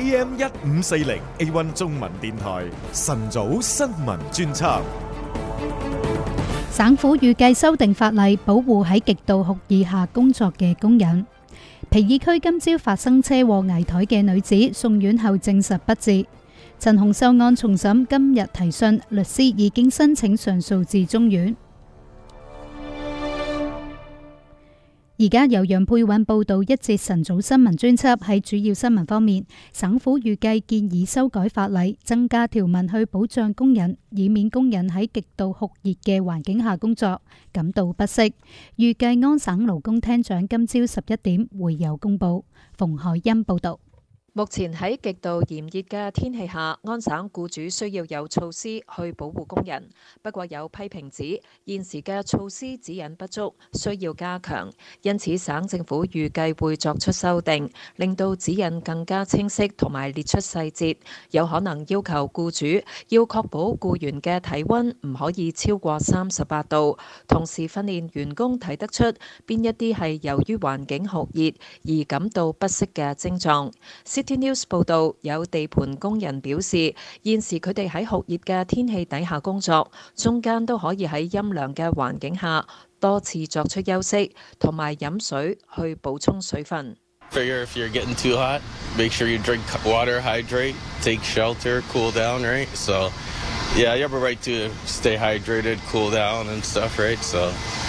AM 一五四零 A One 中文電台晨早新聞專輯，省府預計修訂法例，保護喺極度酷熱下工作嘅工人。皮爾區今朝發生車禍，危殆嘅女子送院後證實不治。陳洪秀案重審，今日提訊，律師已經申請上訴至中院。而家由楊佩韻報道一節晨早新聞專輯。喺主要新聞方面，省府預計建議修改法例，增加條文去保障工人，以免工人喺極度酷熱嘅環境下工作，感到不適。預計安省勞工廳長今朝十一點會有公布。馮海欣報道。目前喺極度炎熱嘅天氣下，安省雇主需要有措施去保護工人。不過有批評指現時嘅措施指引不足，需要加強。因此省政府預計會作出修訂，令到指引更加清晰同埋列出細節。有可能要求雇主要確保雇員嘅體溫唔可以超過三十八度，同時訓練員工睇得出邊一啲係由於環境酷熱而感到不適嘅症狀。News 報道，有地盤工人表示，現時佢哋喺酷熱嘅天氣底下工作，中間都可以喺陰涼嘅環境下多次作出休息同埋飲水，去補充水分。If you're getting too hot, make sure you drink water, hydrate, take shelter, cool down, right? So... Yeah, you have a right to stay hydrated, cool down and stuff, right? So,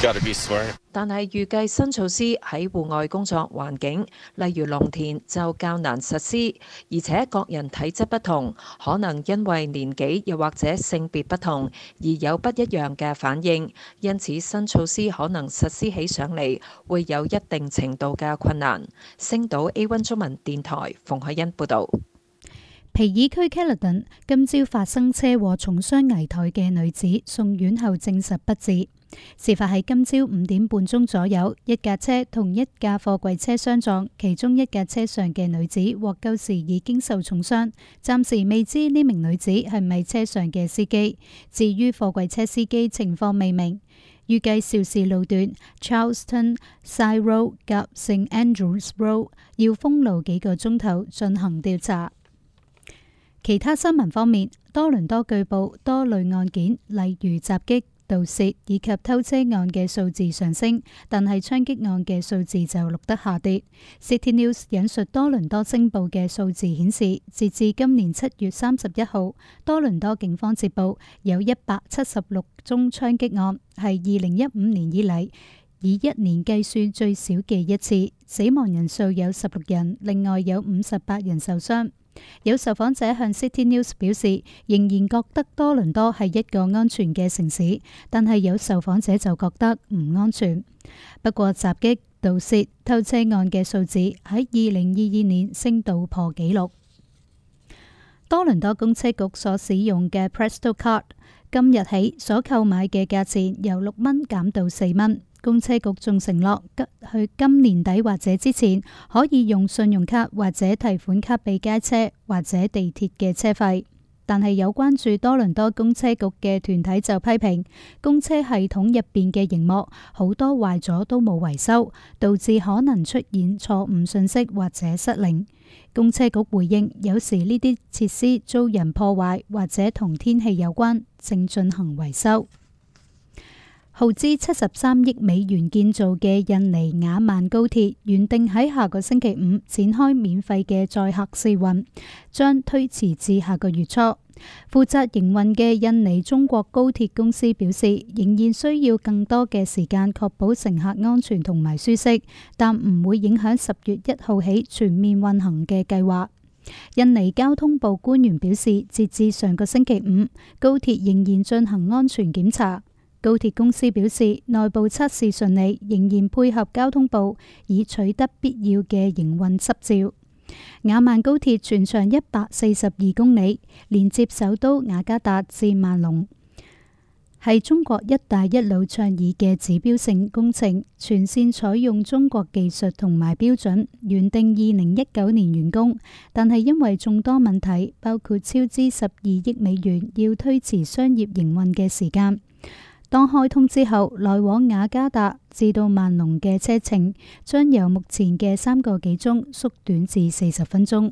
gotta be smart. 但係預計新措施喺戶外工作環境，例如農田就較難實施，而且各人體質不同，可能因為年紀又或者性別不同而有不一樣嘅反應，因此新措施可能實施起上嚟會有一定程度嘅困難。星島 A1 中文電台馮海欣報導。皮爾區 Caledon 今朝發生車禍，重傷危殆嘅女子送院後證實不治。事發喺今朝五點半鐘左右，一架車同一架貨櫃車相撞，其中一架車上嘅女子獲救時已經受重傷，暫時未知呢名女子係咪車上嘅司機。至於貨櫃車司機情況未明，預計肇事路段 Charleston Side Road 及 St Andrews Road 要封路幾個鐘頭進行調查。其他新聞方面，多倫多據報多類案件，例如襲擊、盜竊以及偷車案嘅數字上升，但係槍擊案嘅數字就錄得下跌。City News 引述多倫多星報嘅數字顯示，截至今年七月三十一號，多倫多警方接報有一百七十六宗槍擊案，係二零一五年以嚟以一年計算最少嘅一次，死亡人數有十六人，另外有五十八人受傷。有受訪者向 City News 表示，仍然覺得多倫多係一個安全嘅城市，但係有受訪者就覺得唔安全。不過，襲擊，襲擊、盜竊、偷車案嘅數字喺二零二二年升到破紀錄。多倫多公車局所使用嘅 Presto Card 今日起所購買嘅價錢由六蚊減到四蚊。公車局仲承諾，去今年底或者之前可以用信用卡或者提款卡俾街車或者地鐵嘅車費。但係有關注多倫多公車局嘅團體就批評，公車系統入面嘅熒幕好多壞咗都冇維修，導致可能出現錯誤信息或者失靈。公車局回應，有時呢啲設施遭人破壞或者同天氣有關，正進行維修。耗資七十三億美元建造嘅印尼雅萬高鐵原定喺下個星期五展開免費嘅載客試運，將推遲至下個月初。負責營運嘅印尼中國高鐵公司表示，仍然需要更多嘅時間確保乘客安全同埋舒適，但唔會影響十月一號起全面運行嘅計劃。印尼交通部官員表示，截至上個星期五，高鐵仍然進行安全檢查。高鐵公司表示，內部測試順利，仍然配合交通部以取得必要嘅營運執照。雅萬高鐵全長一百四十二公里，連接首都雅加達至萬隆，係中國一帶一路倡議嘅指標性工程。全綫採用中國技術同埋標準，原定二零一九年完工，但係因為眾多問題，包括超支十二億美元，要推遲商業營運嘅時間。當開通之後，來往雅加達至到萬隆嘅車程將由目前嘅三個幾鐘縮短至四十分鐘。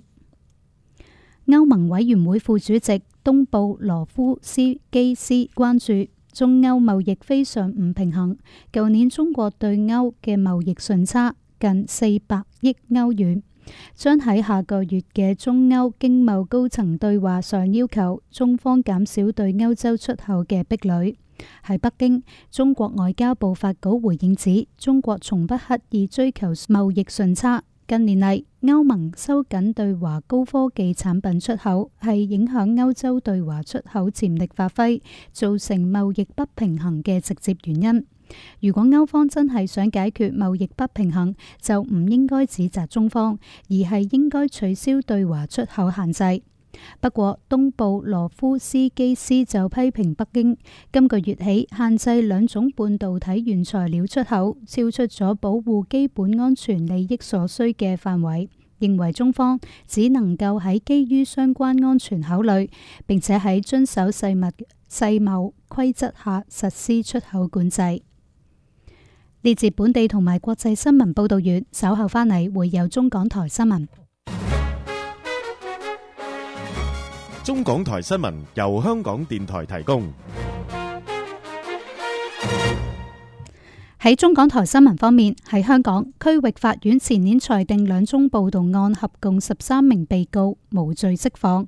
歐盟委員會副主席東布羅夫斯基斯關注中歐貿易非常唔平衡，舊年中國對歐嘅貿易順差近四百億歐元，將喺下個月嘅中歐經貿高層對話上要求中方減少對歐洲出口嘅壁壘。喺北京，中國外交部發稿回應指，中國從不刻意追求貿易順差。近年嚟，歐盟收緊對華高科技產品出口，係影響歐洲對華出口潛力發揮，造成貿易不平衡嘅直接原因。如果歐方真係想解決貿易不平衡，就唔應該指責中方，而係應該取消對華出口限制。不過，東部羅夫斯基斯就批評北京今個月起限制兩種半導體原材料出口，超出咗保護基本安全利益所需嘅範圍，認為中方只能夠喺基於相關安全考慮，並且喺遵守世貿世貿規則下實施出口管制。列自本地同埋國際新聞報道員稍後翻嚟，會有中港台新聞。中港台新聞由香港電台提供。喺中港台新聞方面，喺香港區域法院前年裁定兩宗暴動案，合共十三名被告無罪釋放。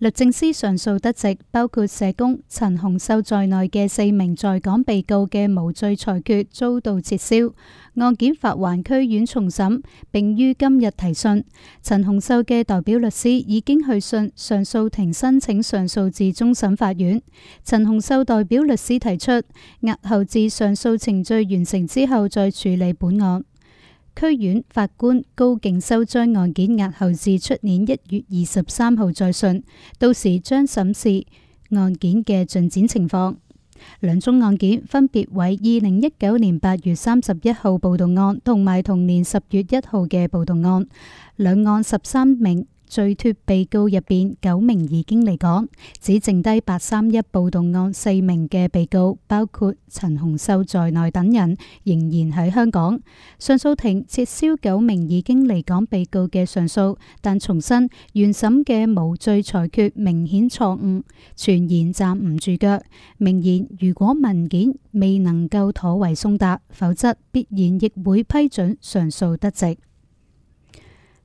律政司上訴得直，包括社工陳洪秀在內嘅四名在港被告嘅無罪裁決遭到撤銷，案件發還區院重審，并於今日提訊。陳洪秀嘅代表律師已經去信上訴庭，申請上訴至終審法院。陳洪秀代表律師提出押後至上訴程序完成之後再處理本案。區院法官高勁修將案件押後至出年一月二十三號再訊，到時將審視案件嘅進展情況。兩宗案件分別為二零一九年八月三十一號暴動案同埋同年十月一號嘅暴動案，兩案十三名。最脱被告入邊，九名已經離港，只剩低八三一暴動案四名嘅被告，包括陳洪秀在內等人，仍然喺香港。上訴庭撤銷九名已經離港被告嘅上訴，但重申原審嘅無罪裁決明顯錯誤，全然站唔住腳。明言：「如果文件未能夠妥為送達，否則必然亦會批准上訴得直。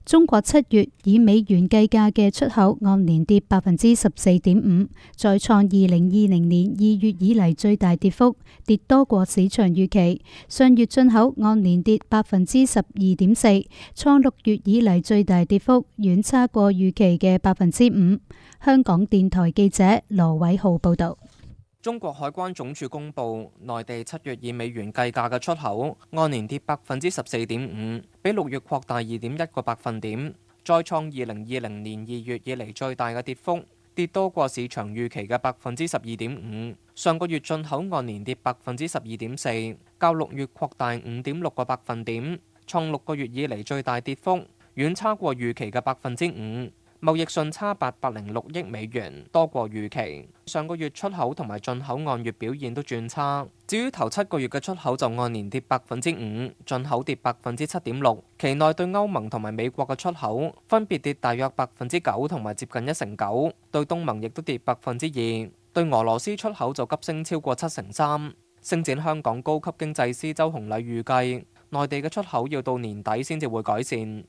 中國七月以美元計價嘅出口按年跌百分之十四點五，再創二零二零年二月以嚟最大跌幅，跌多過市場預期。上月進口按年跌百分之十二點四，創六月以嚟最大跌幅，遠差過預期嘅百分之五。香港電台記者羅偉浩報道。中國海關總署公布，內地七月以美元計價嘅出口按年跌百分之十四點五，比六月擴大二點一個百分點，再創二零二零年二月以嚟最大嘅跌幅，跌多過市場預期嘅百分之十二點五。上個月進口按年跌百分之十二點四，較六月擴大五點六個百分點，創六個月以嚟最大跌幅，遠差過預期嘅百分之五。貿易順差八百零六億美元，多過預期。上個月出口同埋進口按月表現都轉差。至於頭七個月嘅出口就按年跌百分之五，進口跌百分之七點六。期內對歐盟同埋美國嘅出口分別跌大約百分之九同埋接近一成九，對東盟亦都跌百分之二，對俄羅斯出口就急升超過七成三。星展香港高級經濟師周洪禮預計，內地嘅出口要到年底先至會改善。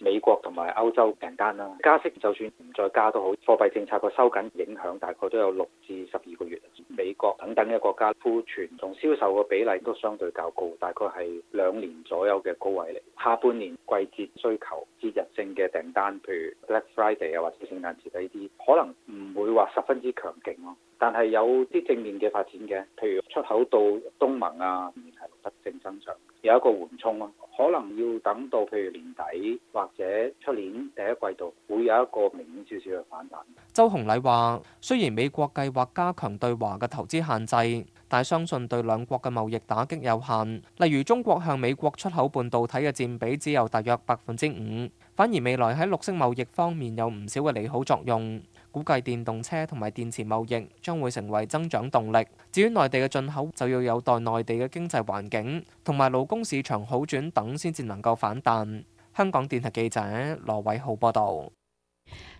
美國同埋歐洲訂單啦，加息就算唔再加都好，貨幣政策個收緊影響大概都有六至十二個月。美國等等嘅國家庫存同銷售嘅比例都相對較高，大概係兩年左右嘅高位嚟。下半年季節需求、節日性嘅訂單，譬如 Black Friday 啊，或者聖誕節呢啲，可能唔會話十分之強勁咯。但係有啲正面嘅發展嘅，譬如出口到東盟啊，係得正增長，有一個緩衝咯、啊。可能要等到譬如年底或者出年第一季度，會有一個明顯少少嘅反彈。周鴻禮話：雖然美國計劃加強對華嘅投資限制，但相信對兩國嘅貿易打擊有限。例如，中國向美國出口半導體嘅佔比只有大約百分之五，反而未來喺綠色貿易方面有唔少嘅利好作用。估計電動車同埋電池貿易將會成為增長動力。至於內地嘅進口，就要有待內地嘅經濟環境同埋勞工市場好轉等先至能夠反彈。香港電台記者羅偉浩報導。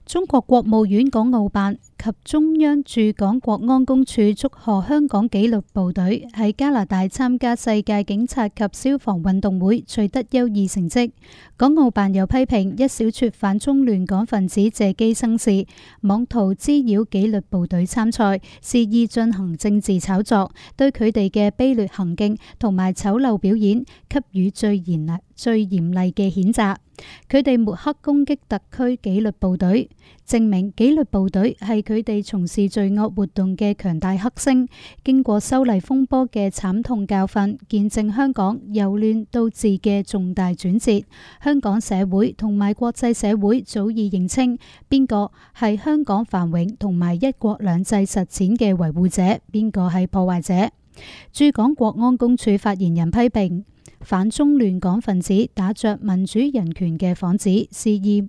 中國國務院港澳辦及中央駐港國安公署祝賀香港紀律部隊喺加拿大參加世界警察及消防運動會取得優異成績。港澳辦又批評一小撮反中亂港分子借機生事，妄圖滋擾紀律部隊參賽，肆意進行政治炒作，對佢哋嘅卑劣行徑同埋醜陋表演給予最嚴厲、最嚴厲嘅譴責。佢哋抹黑攻擊特區紀律部隊。證明紀律部隊係佢哋從事罪惡活動嘅強大剋星。經過修例風波嘅慘痛教訓，見證香港由亂到治嘅重大轉折。香港社會同埋國際社會早已認清邊個係香港繁榮同埋一國兩制實踐嘅維護者，邊個係破壞者。駐港國安公署發言人批評反中亂港分子打着民主人權嘅幌子，肆意。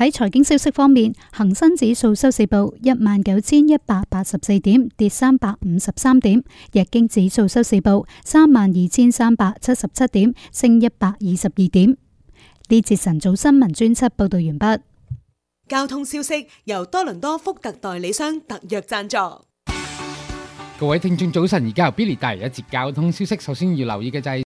喺財經消息方面，恒生指數收市報一萬九千一百八十四點，跌三百五十三點；日經指數收市報三萬二千三百七十七點，升一百二十二點。呢節晨早新聞專輯報道完畢。交通消息由多倫多福特代理商特約贊助。各位聽眾早晨，而家由 Billy 帶嚟一節交通消息。首先要留意嘅就係、是。